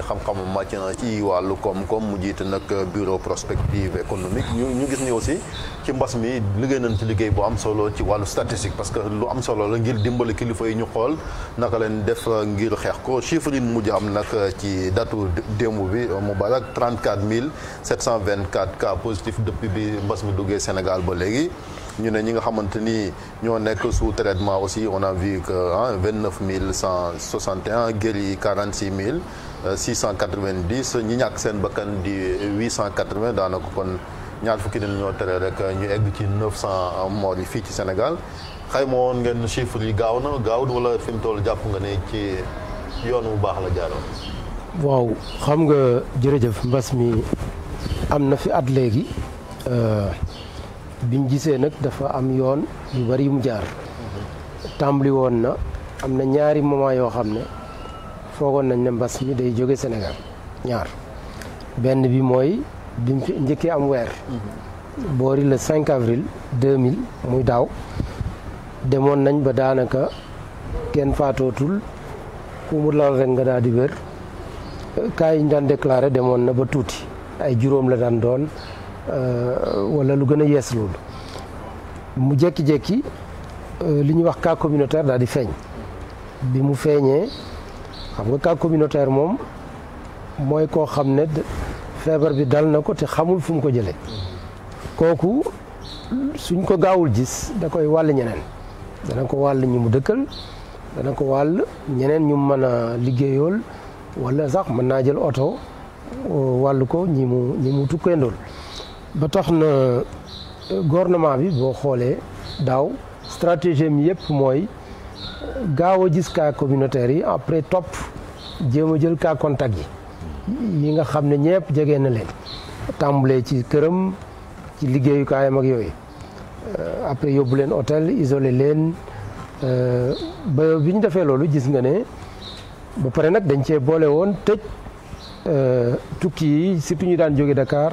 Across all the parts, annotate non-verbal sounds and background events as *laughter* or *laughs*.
xam-xamam màcc na ci wàllu koom-koom mu jiite nag bureau prospective économique ñu ñu gis ni aussi ci mbas mi liggéey nañ ci liggéey bu am solo ci wàllu statistique parce que lu am solo la ngir dimbali kilifa yi ñu xool naka leen def ngir xeex ko chiffre yi mujj am nag ci datu démb bi mu barak 34 724 cas positifs depuis bi mbas mi duggee Sénégal ba léegi ñu ne ñi nga xamante ni ñoo nekk sous traitement aussi on a vu que ah 29 161 guéris 46 000 690 ñi ñàkk seen bakkan di 880 daanaka kon ñaar fukki nit ñoo tere rek ñu egg ci 900 morts yi fii ci Sénégal xayma woon ngeen chiffre yi gaaw na gaawut wala fi mu toll jàpp nga ne ci yoon wu baax la jaaroon. waaw xam nga jërëjëf mbas mi am na fi at léegi euh, biñ gisee nag dafa am yoon yu bari yu mu jaar. Mhm. tàmbali woon na am na ñaari moment yoo xam ne. foogoon nañ ne mbas mi day jóge senegal ñaar benn bi mooy bi mu njëkkee am weer boori le 5 avril 2000 muy daaw demoon nañ ba daanaka kenn faatootul ku mu laal rek nga daal di wér cas yi ñu daan déclaré demoon na ba tuuti ay juróom la daan doon euh, wala lu gën a yees loolu mu jékki-jékki euh, li ñuy wax cas communautaire daal di feeñ bi mu feeñee xam nga cas communautaire moom mooy koo xam ne feebar bi dal na ko te xamul fu mu ko jëlee kooku suñ ko gaawul gis da koy wàll ñeneen dana ko wàll ñu mu dëkkal dana ko wàll ñeneen ñum mën a liggéeyool wala sax mën naa jël oto wàll ko ñi mu ñi mu ba tax na euh, gouvernement bi boo xoolee daaw stratégie mi yëpp mooy gaaw a gis cas communautaire yi après topp jéem a jël ka contact yi yi nga xam ne ñëpp jege na leen tàmbalee ci këram ci liggéeyukaayam ak yooyu euh, après yóbbu leen otel isolé leen euh, ba bi ñu defee loolu gis nga ne bu pare nag dañ cee boole woon tëj euh, tukki yi surtout ñu daan jóge Dakar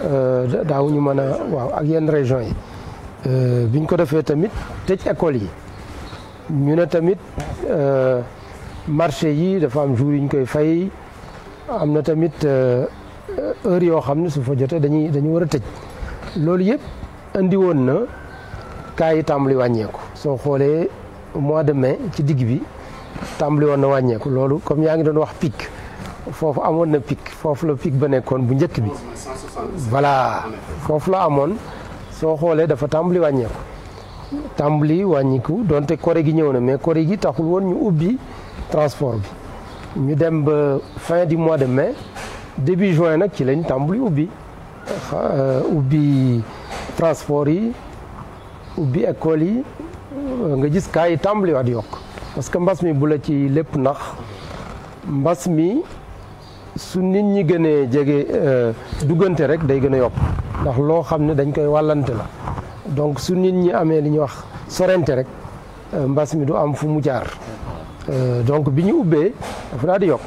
ñu mën a waaw ak yenn région yi bi ñu ko defee tamit tëj école yi ñu ne tamit marché yi dafa am jour yi koy fay am na tamit euh, euh, heure yoo xam ne su fa jotee dañuy dañu war a tëj loolu yëpp indi woon na cas yi tàmbali wàññeeku soo xoolee mois de mai ci digg bi tàmbali woon na wàññeeku loolu comme yaa ngi doon wax pic foofu amoon na pic foofu la pic ba nekkoon bu njëkk bi voilà foofu la amoon soo xoolee dafa tàmbali wàññeeku tàmbali wàññiku donte kore gi ñëw na mais kore gi taxul woon ñu ubbi transport bi ñu dem ba fin du mois de mais début juin nag ci lañ tàmbali ubbi euh, ubbi transport yi ubbi école yi euh, nga gis kaa yi tàmbaliwaat yokk parce que mbas mi bu la ci lépp nax mbas mi su nit ñi gënee jege euh, duggante rek day gën a yokk ndax loo xam ne dañ koy wàllante la donc su nit ñi amee li ñuy wax sorente rek mbas mi du am fu mu jaar Euh, donc bi ñu ubbee dafa daal di yokk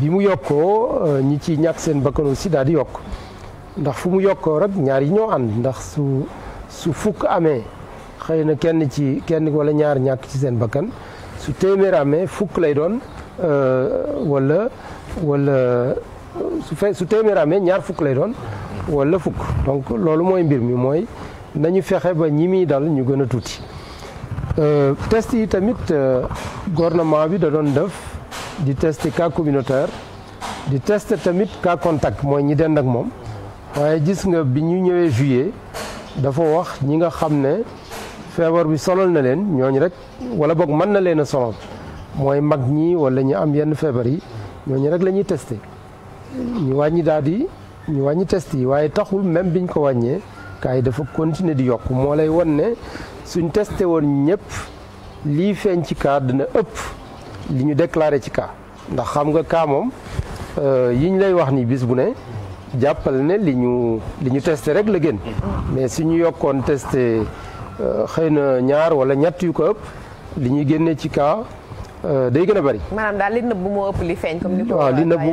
bi mu yokkoo euh, ñi ci ñàkk seen bakkan aussi daal di yokk ndax fu mu yokkoo rek ñaar yi ñoo ànd ndax su su fukk amee xëy na kenn ci kenn wala ñaar ñàkk ci seen bakkan su téeméer amee fukk lay doon euh, wala wala su fe su téeméer ñaar fukk lay doon wala fukk donc loolu mooy mbir mi mooy nañu fexe ba ñi muy dal ñu gën a tuuti Euh, test yi tamit euh, gouvernement bi da doon def di test cas communautaire di test tamit cas contact mooy ñi dend ak moom waaye gis nga bi ñu ñëwee juillet dafa wax ñi nga xam ne feebar bi solal na leen ñooñ rek wala boog mën na leen a solal mooy mag ñi wala ñu am yenn feebar yi ñooñu rek lañuy ñuy ñu wàññi daal di ñu wàññi test yi waaye taxul même biñ ko wàññee cas yi dafa continuer di yokk moo lay won ne suñ testé woon ñëpp lii feeñ ci cas dina ëpp li ñu déclaré ci cas ndax xam nga cas moom euh, yi ñu lay wax ni bis bu ne jàppal ne li ñu li testé rek la génn mais suñu ñu yokkoon testé euh, xëy na ñaar wala ñett yu ko ëpp li ñuy génne ci cas euh, day gën a bari. maanaam li nëbbu waaw li nëbbu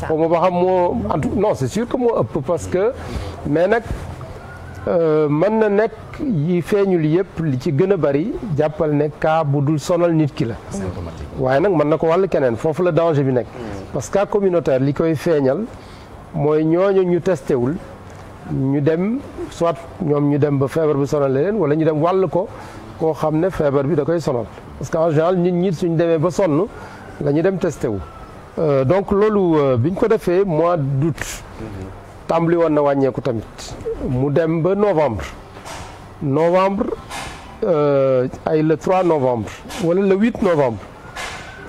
xaw ma ba xam moo. non c'est sûr que moo ëpp parce que mais nag. Euh, mën na nekk yi feeñul yëpp li ci gën a bari jàppal ne cas bu dul sonal nit ki la. waaye nag mën na ko wàll keneen foofu la danger bi nekk. parce que cas communautaire li koy feeñal mooy ñooñu ñu testé wul ñu dem soit ñoom ñu dem ba feebar bi sonal leen wala ñu dem wàll ko koo xam ne feebar bi da koy sonal parce que en nit ñi suñ demee ba sonn la dem testé wu. Euh, donc loolu euh, bi ñu ko defee mois d' août. tàmbali woon na wàññeeku tamit mu dem ba novembre novembre euh, ay le 3 novembre wala le 8 novembre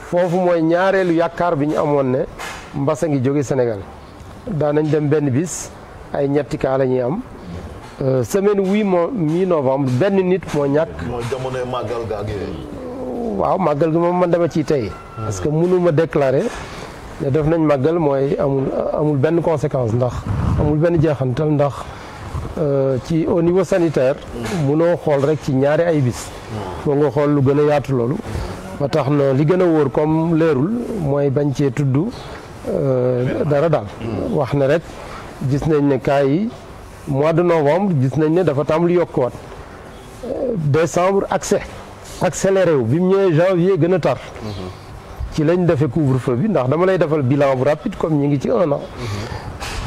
foofu mooy ñaareelu yaakaar bi ñu amoon ne mbasa ngi jóge Sénégal daanañ dem benn bis ay ñetti kaa la ñuy am euh, semaine huit moo mi novembre benn nit moo ñàkk. mooy jamonoy màggal ga ak yooyu. waaw màggal gi moom man dama ci tey. parce que mënu ma déclarer ne def nañ màggal mooy amul amul benn conséquence ndax. amul benn jeexantal ndax euh, ci au niveau sanitaire munoo xool rek ci ñaari ay bis foo nga xool lu gën a yaatu loolu ba tax na li gën a wóor comme leerul mooy bañ cee tudd euh, dara daal wax ne rek gis nañ ne cas yi mois de novembre gis nañ ne dafa tàmbali yokkuwaat euh, décembre accès accéléré wu bi mu ñëwee janvier gën a tar mhm. ci lañ defee couvre feu bi ndax dama lay defal bilan bu rapide comme ñi ngi ci un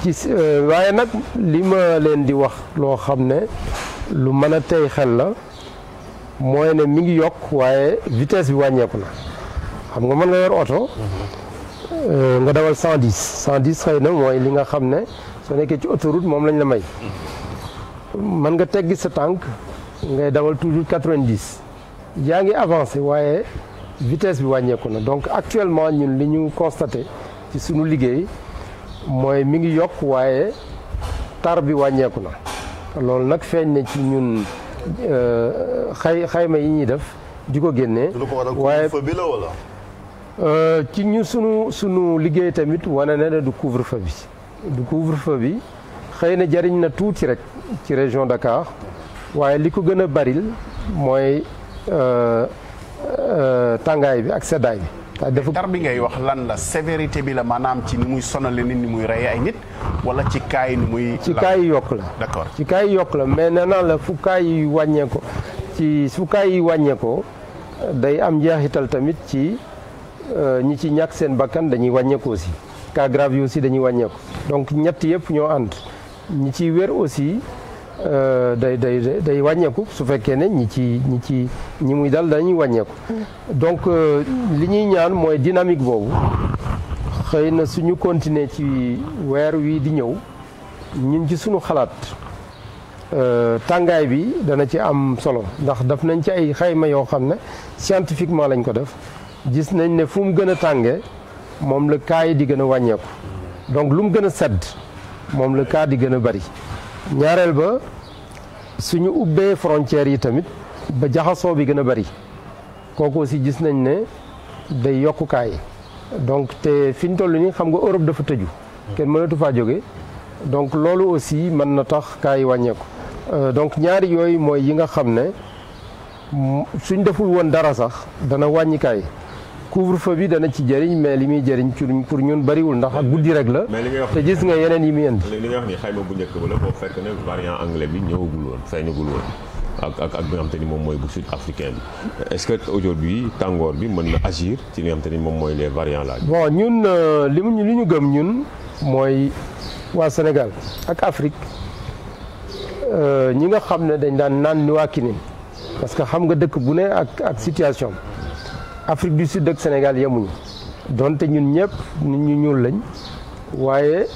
ci euh, waaye nag lii ma leen di wax loo xam ne lu mën a tey xel la mooy ne mi ngi yokk waaye vitesse bi wàññeeku na xam nga mën nga yor oto euh, nga dawal 110 110 xëy na mooy li nga xam ne soo nekkee ci autoroute moom lañ la may mën nga teggi sa tànk ngay dawal toujours 90 yaa ngi avancé waaye vitesse bi wàññeeku na donc actuellement ñun li ñu constaté ci suñu liggéey mooy mi ngi yokk waaye tar bi wàññeeku na loolu nag feeñ na ci ñun euh, xay xayma yi ñuy def di ko génnee waaye euh, ci ñu sunu sunu liggéey tamit wane na ne du couvre-feu bi du couvre-feu bi xëy na jariñ na tuuti rek ci région Dakar waaye li ko gën a baril mooy euh, tàngaay bi ak seddaay bi Ah, dafa tar bi ngay wax lan la sévérité bi la maanaam ci ni muy sonale nit ni muy rey ay nit wala ci kaay ni muy. ci kaay yi yokk la d'accord ci kaay yi mais nee naa la fu kaay yi wàññeekoo ci fu kaay yi wàññeekoo day am njeexital tamit ci euh, ñi ci ñàkk seen bakkan dañuy wàññeeku aussi cas grave yi aussi dañuy wàññeeku donc ñett yëpp ñoo ànd ñi ciy wér aussi. Euh, day day day wàññeeku su fekkee ne ñi ci ñi ci ñi muy dal dañuy wàññeeku donc euh, li ñuy ñaan mooy dynamique boobu xëy na suñu continuer ci weer wi di ñëw ñun ci suñu xalaat euh, tàngaay bi dana ci am solo ndax daf nañ ci ay xayma yoo xam ne scientifiquement lañ ko def gis nañ ne fu mu gën a tàngee moom la kaay di gën a wàññeeku donc lu mu gën a sedd moom la cas di gën a bari ñaareel ba suñu ubbee frontières yi tamit ba jaxasoo bi gën a bari kooku aussi gis nañ ne day yokkukaay donc te fi ñu toll nii xam nga Europe dafa tëju. kenn mënatu faa jóge donc loolu aussi mën na tax kaay wàññeeku. Euh, donc ñaari yooyu mooy yi nga xam ne suñ deful woon dara sax dana wàññikaay kaay. couvre-feu bi dana ci jëriñ mais li muy jëriñ ci pour ñun bëriwul ndax ak guddi rek la. te gis nga yeneen yi muy indi. li ni xayma bu njëkk ba la boo fekk ne variant anglais bi ñëwagul woon feeñagul woon ak ak ak bi nga xam moom mooy bu sud africain ce que aujourd'hui tàngoor bi mën na agir ci li ni moom mooy les variants là. bon ñun euh, li mu li ñu gëm ñun mooy waa Sénégal ak Afrique euh, ñi nga xam ne dañ daan naan ni waa parce que xam nga dëkk bu ne ak ak situation Afrique du Sud ak Sénégal yemuñu donte ñun ñëpp nit ñu ñuul lañ waaye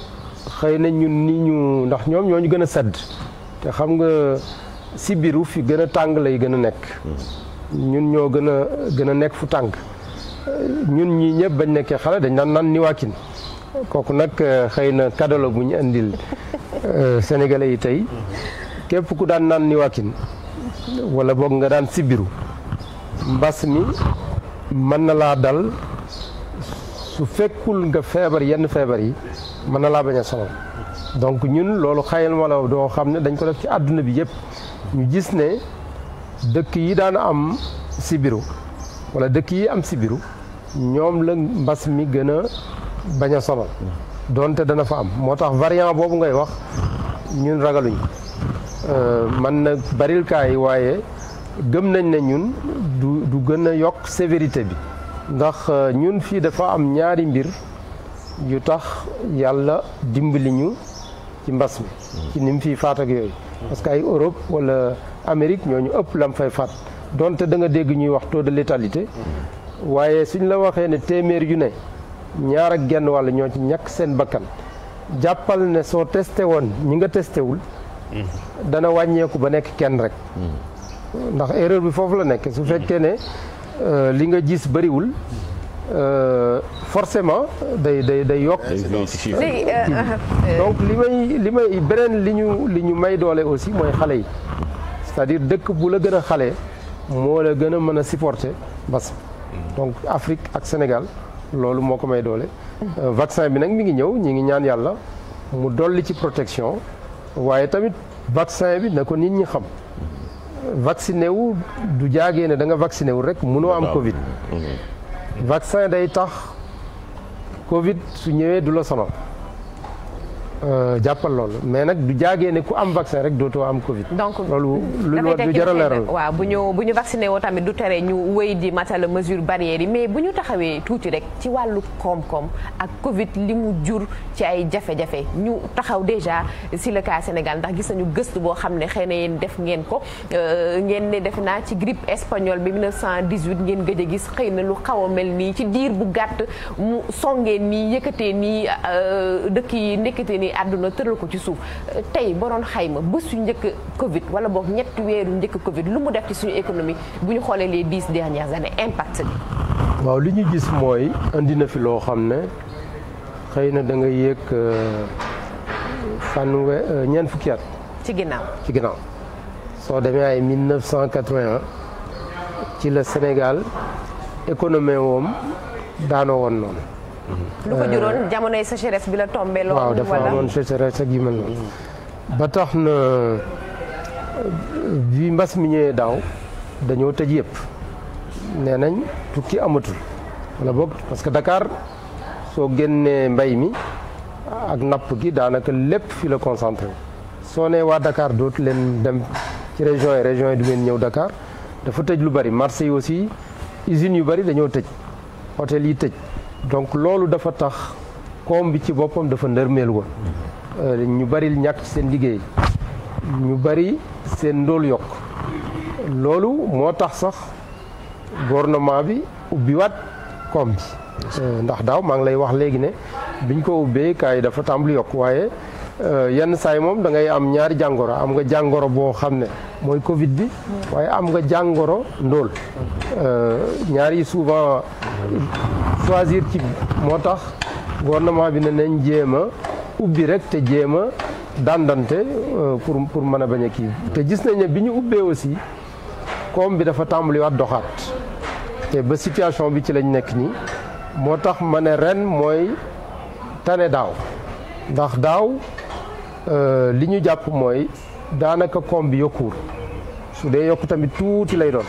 xëy na ñun ni ñu ndax ñoom ñoo ñu gën a sedd te xam nga si biiru fi gën a tàng lay gën a nekk. ñun ñoo gën a gën a nekk fu tàng ñun ñii ñëpp bañ nekkee xale dañ daan naan niwaakin kooku nag euh, xëy na kadolo bu ñu indil euh, sénégalais yi tey képp ku daan naan niwaakin wala boog nga daan si mbas mi. mën na laa dal su fekkul nga feebar yenn feebar yi mën na laa bañ a sonal donc ñun loolu xayal wala doo xam ne dañ ko def ci àdduna bi yëpp ñu gis ne dëkk yi daan am sibiru wala dëkk yi am sibiru ñoom la mbas mi gën a bañ a sonal doonte dana fa am moo tax variant boobu ngay wax ñun ragaluñ euh, man na baril kaa yi waaye gëm nañ ne ñun du du gën a yokk sévérité bi ndax euh, ñun fii dafa am ñaari mbir yu tax yàlla dimbali ñu ci mbas mi ci ni fiy faat ak yooyu parce que ay Europe wala Amérique ñu ëpp lam fay faat donte da nga dégg ñuy wax taux de létalité waaye suñ la waxee ne téeméer yu ne ñaar ak genn wàll ñoo ci ñekk seen bakkan jàppal ne soo testé woon ñi nga testé wul mm-hmm. dana wàññeeku ba nekk kenn rek mm-hmm. ndax erreur bi foofu la nekk su fekkee ne euh, li nga gis bëriwul euh, forcément day day day yokk euh, mmh. ah, ah, donc li may li may beneen li ñu li ñu may doole aussi mooy xale yi c'est-à-dire dëkk bu la gën a xale moo la gën a mën a supporter mbas donc Afrique ak Sénégal loolu moo ko may doole vaccin bi nag mi ngi ñëw ñi ngi ñaan yàlla mu dolli ci protection waaye tamit vaccin bi na ko nit ñi xam vacciné wu du jàggee ne da nga vacciné wu rek mënoo am Covid. Mhm. vaccin day tax Covid su ñëwee du la sonal. Euh, jàppal loolu mais nag du jaagee ne ku am vaccin rek dootoo am Covid. donc loolu lu leeral waaw bu ñu bu ñu vacciné woo tamit du tere ñu wéy di matal mesure barrière yi mais bu ñu taxawee tuuti rek ci wàllu koom-koom ak Covid li mu jur ci ay jafe-jafe ñu taxaw déjà si le cas Sénégal ndax gis nañu gëstu boo xam ne xëy na yéen def ngeen ko euh, ngeen ne def naa ci grippe espagnole bi 1918 ngeen gëj a gis xëy na lu xaw a mel nii ci diir bu gàtt mu songee nii yëkkatee euh, àdduna tëral ko ci suuf tey boo doon xayma bés yu njëkk Covid wala boog ñetti weeru njëkk Covid lu mu def ci suñu économie bu ñu xoolee les dix dernières années impact bi. waaw li ñu gis mooy andi na fi loo xam ne xëy na danga nga yéeg euh, fanwe euh, ñeent fukki at. ci ginnaaw ci ginnaaw. soo demee ay 1981 ci la Sénégal économie woom daanoo woon noonu. lu ko juróon jamonoy sécheresse bi la tombé. loolu waaw dafa amoon sécheresse ak yu mel noonu. ba tax na bi mbas mi ñëwee daaw dañoo tëj yëpp nee nañ tukki amatul wala boog parce que Dakar soo génnee mbay mi ak napp gi daanaka lépp fi la concentré soo nee waa dakaar dootu leen dem ci région yi région yi du ngeen ñëw Dakar dafa tëj lu bari marché yi aussi usines yu bari dañoo tëj hôtel yi tëj. donc loolu dafa tax koom bi ci boppam dafa ndërmeel woon euh, ñu bari ñàkk seen liggéey ñu bari seen ndóol yokk loolu moo tax sax gouvernement bi ubbiwaat koom bi euh, ndax daaw maa ngi lay wax léegi ne biñ ko ubbee kaay dafa tàmbali yokk waaye Euh, yenn saa yi moom da ngay am ñaari jàngoro am nga jàngoro boo xam ne mooy Covid bi waaye am nga jàngoro ndóol euh, ñaari souvent choisir ci moo tax gouvernement bi ne nañ jéem a ubbi rek te jéem a dandante euh, pour pour mën a bañ a kii te gis nañ ne bi ñu ubbee aussi koom bi dafa tàmbaliwaat doxaat te ba situation bi ci lañ nekk nii moo tax ma ne ren mooy tane daaw ndax daaw Euh, li ñu jàpp mooy daanaka koom bi yokkuwul su dee yokk tamit tuuti lay doon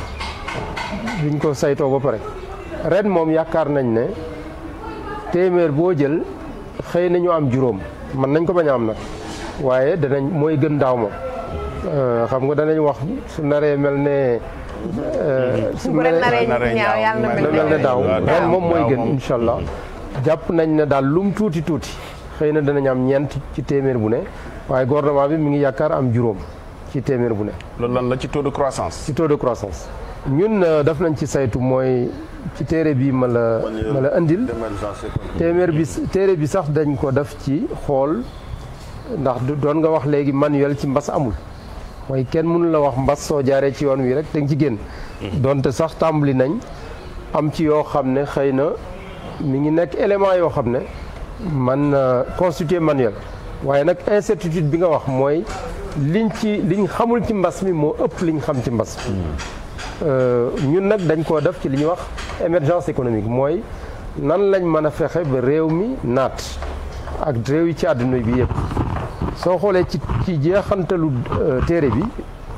biñ ko saytoo ba pare ren moom yaakaar nañ ne téeméer boo jël xëy na ñu am juróom mën nañ ko bañ a am nag waaye danañ mooy gën daaw moom euh, xam nga danañ wax su naree mel ne euh, su naree mel ne daaw ren moom mooy gën incha allah jàpp nañ ne daal lum tuuti tuuti xëy na danañ am ñeent ci téeméer bu ne waaye gouvernement bi mi ngi yaakaar am juróom ci téeméer bu ne. loolu lan la ci taux de croissance. ci de croissance ñun euh, daf nañ ci saytu mooy ci téere bi ma la ma la indil téeméer bi téere bi sax dañ ko def ci xool ndax doon nga wax léegi manuel ci mbas amul mooy kenn mënu la wax mbas soo jaaree ci yoon wii rek da nga ci génn. Mhm. donte sax tàmbali nañ am ci yoo xam ne xëy na mu ngi nekk élément yoo xam ne. man euh, constituer manuel waaye nag incertitude bi nga wax mooy liñ ci liñ xamul ci mbas mi moo ëpp liñ xam ci mbas mi euh, ñun nag dañ koo def ci li ñuy wax émergence économique mooy nan lañ mën a fexe ba réew mi naat ak réew yi ci àdduna bi yëpp soo xoolee ci ci jeexantalu euh, téere bi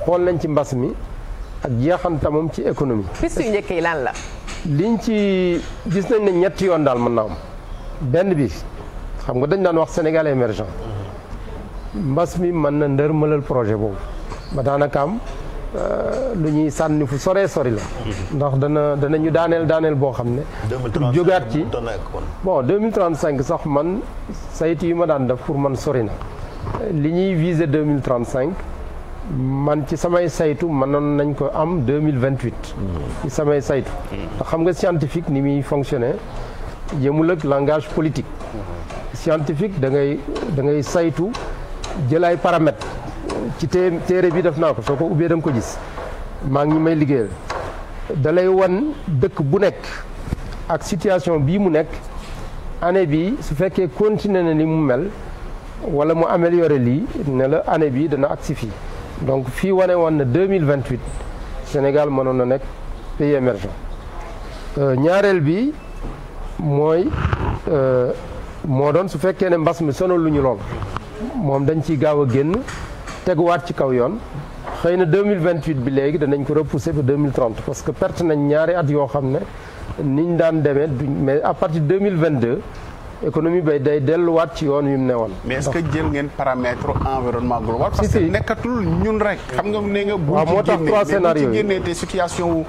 xool nañ ci mbas mi ak jeexanta moom ci économie. piste yu njëkk yi lan la. liñ ci gis nañ na ñetti yoon daal mën naa am. benn bi xam nga dañ daan wax Sénégal émergent mbas mi mën na mëlal projet boobu ba daanaka am euh, lu ñuy sànni fu soree sori la ndax dana dana ñu daaneel daaneel boo xam ne pour jógaat ci bon 2035 sax man saytu yi ma daan def pour man sori na li ñuy viser 2035 man ci samay saytu mënoon nañ ko am 2028 mm. ci samay saytu ndax mm. xam nga scientifique ni muy fonctionner yëmul ak langage politique scientifique da ngay da ngay saytu jël ay paramètres ci té téere bi def naa ko soo ko ubbee da ko gis maa ngi may liggéeyal dalay wan dëkk bu nekk ak situation bii mu nekk année bii su fekkee continuer na ni mu mel wala mu amélioré lii ne la année bii dana agsi fii donc fii wane woon na 2028 Sénégal mënoon na nekk pays émergent euh, ñaareel bi mooy euh, moo doon su fekkee ne mbas mi sonal lu ñu lool moom dañ ciy gaaw a génn teguwaat ci kaw yoon xëy na 2028 bi léegi danañ ko repousser ba 2030 parce que perte nañ ñaari at yoo xam ne niñ daan demee duñ mais à partir de 2022 économie bay day delluwaat ci yoon yu mu ne woon. mais est-ce que jël ngeen paramètre environnement global. parce que nekkatul ñun rek. xam nga ne nga. waaw moo tax trois scénario yi bu ci génnee te situation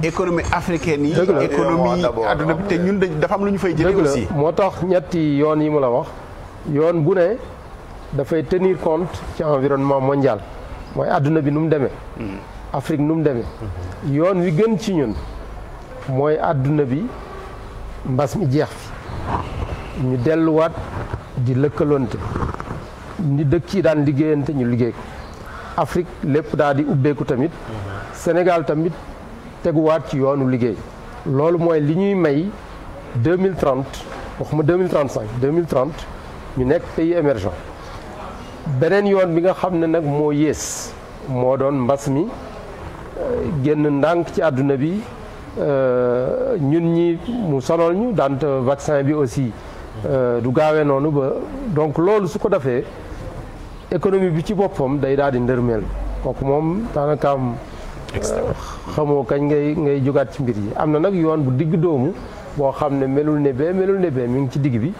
économie africain yi. économie adduna bi lu ñu fay jëlee aussi. moo tax ñetti yoon yi mu la wax yoon bu ne dafay tenir compte ci environnement mondial mooy àdduna bi nu mu demee. Hmm. Afrique nu mu demee. yoon wi gën ci ñun mooy àdduna bi mbas mi jeex fi ñu delluwaat di lëkkaloonte ni dëkk yi daan liggéeyante ñu liggéey ko Afrique lépp daal di ubbeeku tamit hmm. Sénégal tamit. teguwaat ci yoonu liggéey loolu mooy li ñuy may 2030 waxuma 2035 2030 ñu nekk pays émergent beneen yoon bi nga xam ne nag moo yées moo doon mbas mi euh, génn ndànk ci àdduna bi euh, ñun ñi mu sonal ñu dant vaccin bi aussi euh, du gaawee noonu ba donc loolu su ko defee économie bi ci boppam day daal di ndërmeel kooku moom daanakaam xamoo kañ ngay ngay jógaat ci mbir yi am na nag yoon bu digg doomu boo xam ne melul ne bee melul ne bee mi ngi ci digg bi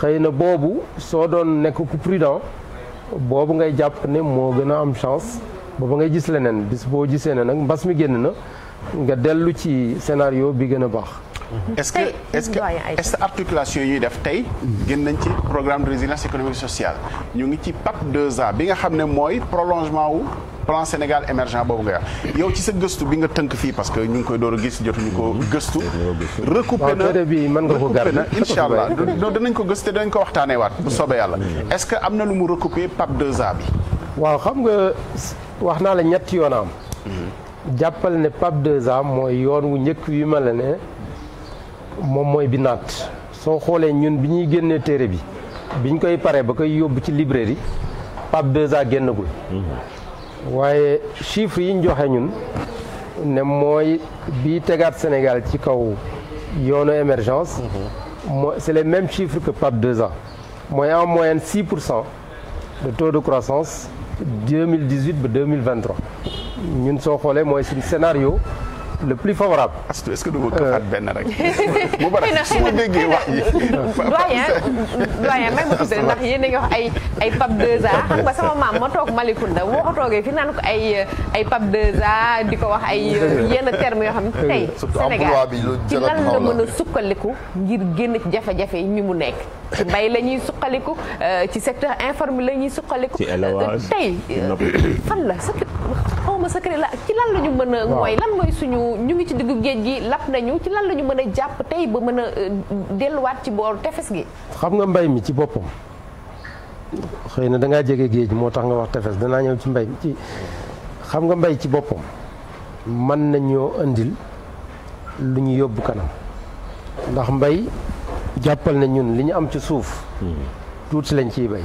xëy na boobu soo doon nekk ku prudent boobu ngay jàpp ne moo gën a am chance booba ngay gis leneen bis boo gisee ne nag mbas mi génn na nga dellu ci scénario bi gën a baax Mhm. est-ce que est-ce que est-ce que articulation yi ñuy def tey. gën nañ ci programme de résilience économique sociale ñu ngi ci PAP 2A bi nga xam ne mooy prolongement wu. plan Sénégal émergent boobu nga wax yow ci sa gëstu bi nga tënk fii parce que ñu ngi koy door a gis jotuñu ko mhm. gëstu. recoupé na recoupé na incha allah *laughs* danañ ko gëstu te danañ ko waxtaanee waat bu soobee yàlla mhm. est-ce que am na lu mu recoupé PAP 2A bi. waaw xam nga wax naa la ñetti yoon am. jàppal ne PAP 2A mooy yoon wu njëkk wi la ne. moom mooy binaat soo xoolee ñun bi ñuy génnee téere bi biñ koy pare ba koy yóbbu ci librairie Pape Deza génnagul waaye chiffres yi ñu joxe ñun ne mooy bii tegaat Sénégal ci kaw yoonu émergence moo c'est les mêmes chiffres que deux Deza mooy en moyenne 6 pour cent de taux de croissance 2018 ba 2023 ñun soo xoolee mooy suñu scénario le plus favorable. Astou ah, est-ce que du ma këfaat benn rek. bu baax su ma wax yi. may ma tuddee ndax yéen ngi wax ay ay Pape 2 *laughs* xam nga sama maam ma toog Malicounda boo ko toogee fi naan ko ay ay Pape 2A di ko wax ay *laughs* euh, yenn termes yoo xam ne tey. *laughs* Sénégal ci lan la mën a sukkaliku ngir génn ci jafe-jafe yi mi mu nekk. ci mbay la ñuy suqaliku euh, ci secteur informel la ñuy suqaliku. ci élevage tey euh, fan ma la ci lan la ñu mën a. mooy lan mooy suñu ñu ngi ci diggu géej gi lap nañu ci lan la mën a jàpp tey ba mën a euh, delluwaat ci boor tefes gi. xam nga mbay mi ci boppam xëy na dangaa jege géej moo tax nga wax tefes danaa ñëw ci mbay ci xam nga mbay ci boppam mën nañoo indil lu ñu yóbbu kanam ndax mbay jàppal na ñun li ñu am ci suuf. Hmm. tuuti lañ ciy bay.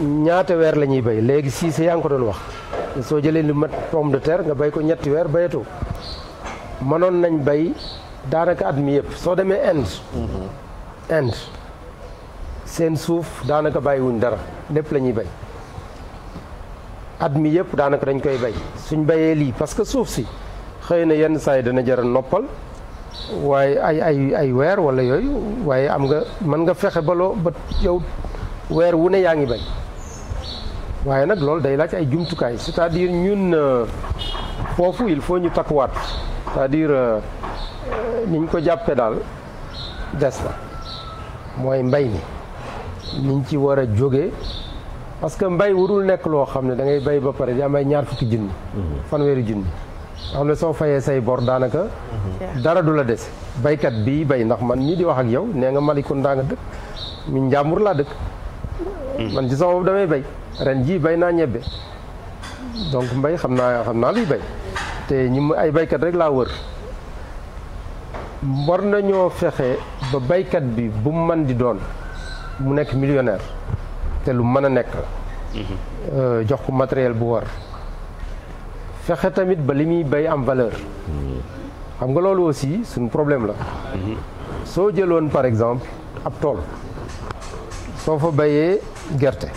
ñaata weer la ñuy bay léegi sii yaa ngi ko doon wax soo jëlee lu mat pomme de terre nga bay ko ñetti weer bayatoo mënoon nañ bay daanaka at mi yëpp soo demee Inde mm-hmm. Inde seen suuf daanaka bàyyiwuñ dara lépp la ñuy bay at mi yëpp daanaka dañ koy bay suñ bayee lii parce que suuf si xëy na yenn saa yi dana jar noppal waaye ay ay ay weer wala yooyu waaye am nga mën nga fexe ba loo ba yow weer wu ne yaa ngi bay waaye nag loolu day laaj ay jumtukaay c'est-à-dire ñun euh, foofu il faut ñu takkuwaat c'est-à-dire euh, euh, ni ñu ko jàppee daal des na mooy mbay mi niñ ci war a jóge parce que mbay warul nekk loo xam ne dangay bay ba pare di am ay ñaar fukki junni mhm. fanweeri junni xam ne soo fayee say bor daanaka mhm. dara du la des baykat bii bay ndax man ñii di wax ak yow nee nga Malicounda nga dëkk mi njàmbur laa dëkk man ci sama bopp damay bay ren jii bay naa ñebbe donc mbay xam naa xam naa luy bay te ñi mu ay baykat rek laa wër war nañoo fexe ba baykat bi bu mu man di doon mu nekk millionaire te lu mën a nekk la euh, jox ko matériel bu war fexe tamit ba li muy bay am valeur xam nga loolu aussi suñ problème la mhm. soo jëloon par exemple ab tool soo fa bayee gerte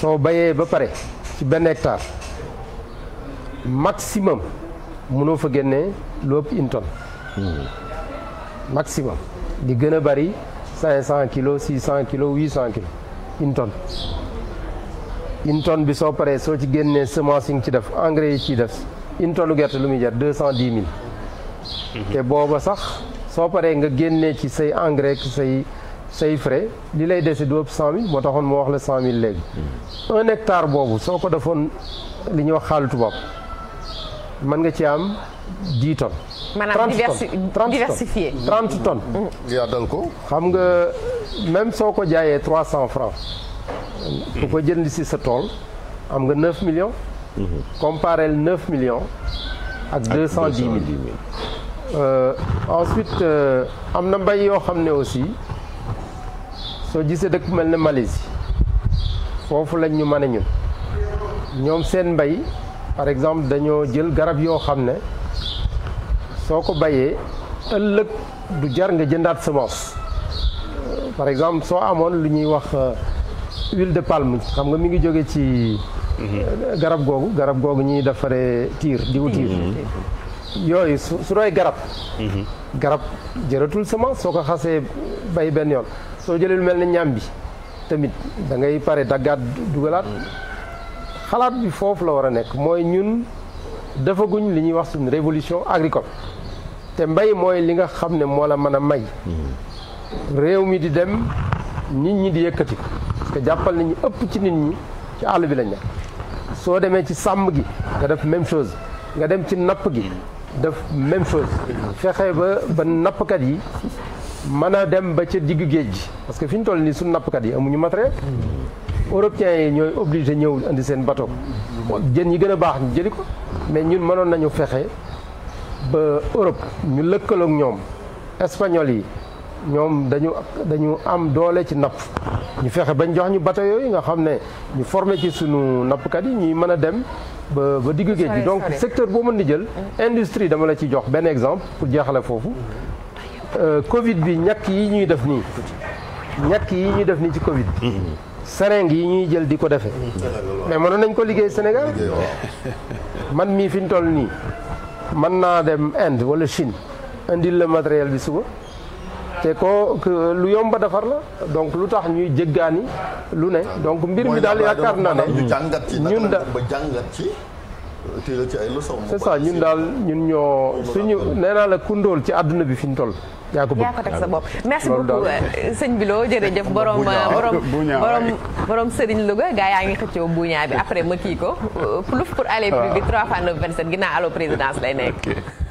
soo bayee ba pare ci benn hectare maximum mënoo fa génnee lu ëpp une tonne hmm. maximum di gën a bari cinq cent kilos six cent kilos huit cent kilos une tonne une tonne bi soo paree soo ci génnee semence yi nga ci def engrais yi ciy def une gerte lu muy jar deux cent dix mille hmm. te booba sax soo paree nga génnee ci say engrais say say frais li lay dese du ëpp cent moo taxoon moo wax la cent mille léegi. un hectare boobu soo ko defoon li ñuy wax xaalitu tubaab mën nga ci am dix tonnes. maanaam diversifié trente tonnes mm-hmm. yaatal ko. xam nga même soo ko jaayee trois cent francs ko jënd si sa tool am nga neuf millions. Mm-hmm. comparé neuf millions. ak deux cent dix mille euh, ensuite euh, am na mbay yoo xam ne aussi. soo gisee dëkk mel ne Malaisie foofu lañ ñu mën a ñun ñoom seen mbay par exemple dañoo jël garab yoo xam ne soo ko bayee ëllëg du jar nga jëndaat semence par exemple soo amoon lu ñuy wax euh, huile de palm xam nga mi ngi jóge ci mhm. garab googu garab googu ñuy defaree tiir diwu tiir mhm. yooyu su su doy garab mhm. garab jëratul semence soo ko xasee bay benn yoon soo jëlee lu mel ne ñaam bi tamit da ngay pare daggaat dugalaat mm. xalaat bi foofu la war a nekk mooy ñun defaguñ li ñuy wax suñu révolution agricole te mbay mooy li nga xam ne moo la mën a may mm. réew mi di dem nit ñi di yëkkati ko parce que jàppal nañu ëpp ci nit ñi ci àll bi lañ nekk soo demee ci sàmm gi nga def même chose nga dem ci napp gi mm. def même chose fexe ba ba nappkat yi mën a dem ba ca digg géej gi parce que fi ñu toll nii suñu nappkat yi amuñu matériel européens yi ñooy obligé ñëw indi seen bateau jën yi gën a baax ñu jëli ko mais ñun mënoon nañu fexe ba Europe ñu lëkkalook ñoom espagnol yi ñoom dañu dañu am doole ci napp ñu fexe ñu jox ñu bateau yooyu nga xam ne ñu formé ci suñu nappkat yi ñuy mën a dem ba ba digg géej gi donc secteur boo mën di jël industrie dama la ci jox benn exemple pour jeexale foofu Euh, Covid bi ñàkk yi ñuy def nii ñàkk yi ñuy def nii ci Covid bi. Mhm. seringue yi ñuy jël di ko defee. Mhm. mais mënoon nañ ko liggéey Sénégal. *laughs* man mii fi ñu toll nii man naa dem Inde wala Chine indil la matériel bi suba. te ko lu yomba defar la donc lu tax ñuy jéggaani lu ne donc mbir mi daal yaakaar naa ne ñun da jàngat ci tiila ci ay leçons. c'est ça ñun daal ñun ñoo suñu nee naa la kundóol ci àdduna bi fi ñu toll. yaa ko bëgg yaa ko teg sa bopp merci beaucoup euh, sëñ Bilo jërëjëf borom euh, borom *laughs* borom borom Serigne Louga gaa yaa ngi xëccoo buñaa bi après ma kii ko euh, plouf pour aller plus ah. vite 3 fois 9 27 ginnaaw allo présidence lay nekk.